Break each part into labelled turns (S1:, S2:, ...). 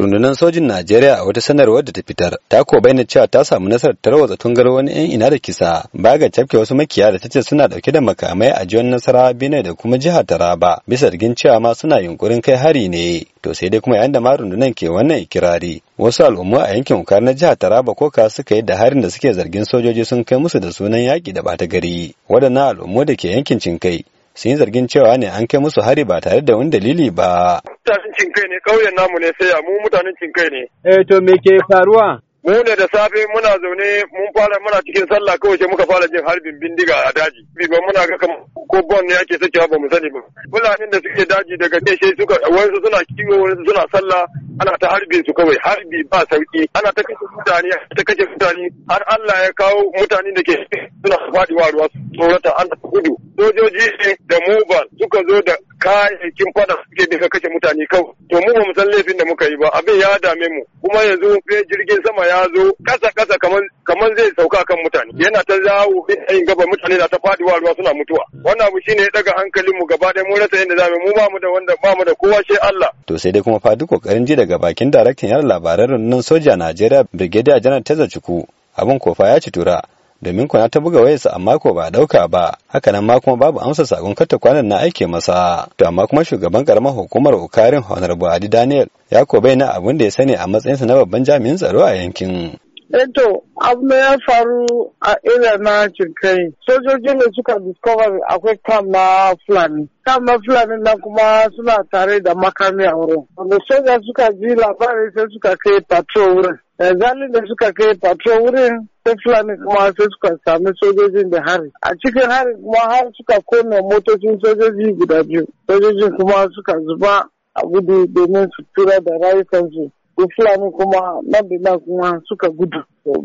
S1: rundunar sojin najeriya a wata sanarwar da ta fitar ta ko bayyana cewa ta samu nasarar tarwatsa tungar wani yan ina da kisa ba ga cafke wasu makiya da ce suna dauke da makamai a jiyon nasara benue da kuma jihar taraba bisa rigin cewa ma suna yunkurin kai hari ne to sai dai kuma yayin da ma rundunar ke wannan ikirari wasu al'umma a yankin ukar na jihar taraba ko ka suka yi da harin da suke zargin sojoji sun kai musu da sunan yaki da bata gari waɗannan al'ummu da ke yankin cinkai sun yi zargin cewa ne an kai musu hari ba tare da wani dalili ba
S2: mutanen cinkai ne kauyen namu ne sai mu mutanen cinkai ne.
S1: Eh to me ke faruwa?
S2: mu ne da safe muna zaune mun fara muna cikin sallah kawai sai muka fara jin harbin bindiga a daji ba muna ga kamar ko bon ne ake sakewa ba mu sani ba fulanin da suke daji daga sai suka wasu suna kiwo wasu suna sallah ana ta harbin su kawai harbi ba sauki ana ta kashe mutane ta kashe mutane har Allah ya kawo mutane da ke suna faɗiwa ruwa tsorata ta gudu sojoji ne da mobile suka zo da kayayyakin fada suke daga kashe mutane kawai to mu ba mu san laifin da muka yi ba abin ya dame mu kuma yanzu jirgin sama ya zo kasa kasa kaman kaman zai sauka kan mutane yana ta zawo yin gaba mutane da ta faduwa ruwa suna mutuwa wannan abu shine ya daga hankalin mu gaba ɗaya mu rasa yadda zamu mu ba mu da wanda ba mu da kowa sai Allah
S1: to sai dai kuma fadi kokarin ji daga bakin daraktan yar labaran nan soja Najeriya Brigadier General Teza Cuku abin kofa ya ci tura domin kwana ta buga wayarsa amma ko ba dauka ba hakanan ma kuma babu amsa sakon karta kwanan na aike masa to amma kuma shugaban karamar hukumar ukarin honorable adi daniel ya ko bayyana abin da ya sani a matsayinsa na babban jami'in tsaro a yankin
S3: Eto, abu ya faru a ila na cirkai. Sojoji na suka discover akwai kam na Fulani. Kam na Fulani na kuma suna tare da makami a wurin. Wanda soja suka ji labarai sai suka kai patrol wurin. Zalin da suka kai patrol wurin sai Fulani kuma sai suka sami sojojin da hari. A cikin hari kuma har suka kone motocin sojoji guda biyu. Sojojin kuma suka zuba a gudu domin su tura da rayukansu. ko fulani kuma nan da kuma suka gudu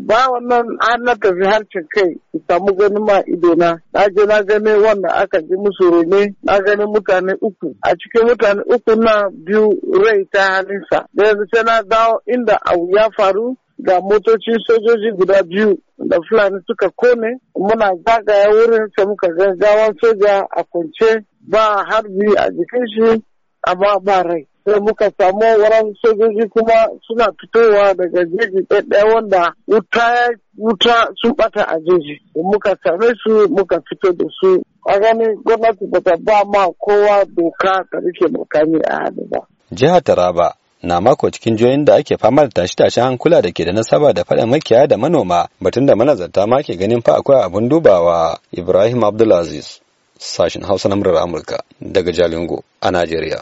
S3: ba wannan an na tafi harcin kai samu gani ma ido na na je na gani wanda aka ji musu rene na gani mutane uku a cikin mutane uku na biyu rai ta halinsa da yanzu sai na dawo inda abu ya faru ga motocin sojoji guda biyu da fulani suka kone muna zagaya wurin sai muka gawan soja a kwance ba harbi a jikin shi amma ba rai sai muka samu wurin sojoji kuma suna fitowa daga jeji ɗaya wanda wuta wuta sun bata a jeji muka same su muka fito da su a gani gwamnati ba ta ba ma kowa doka ta rike makami a hannu ba.
S1: jihar taraba na mako cikin joyin da ake fama da tashe-tashen hankula da ke da nasaba da faɗin makiya da manoma batun da manazarta ma ke ganin fa akwai abun dubawa ibrahim abdulaziz sashen hausa na murar amurka daga jalingo a najeriya